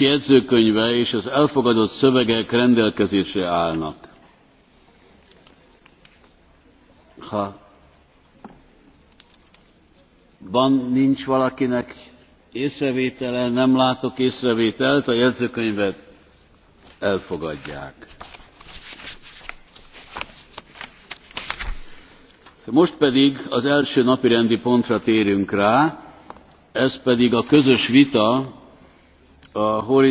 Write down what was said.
jegyzőkönyve és az elfogadott szövegek rendelkezésre állnak. Ha van, nincs valakinek észrevétele, nem látok észrevételt, a jegyzőkönyvet elfogadják. Most pedig az első napirendi pontra térünk rá, ez pedig a közös vita a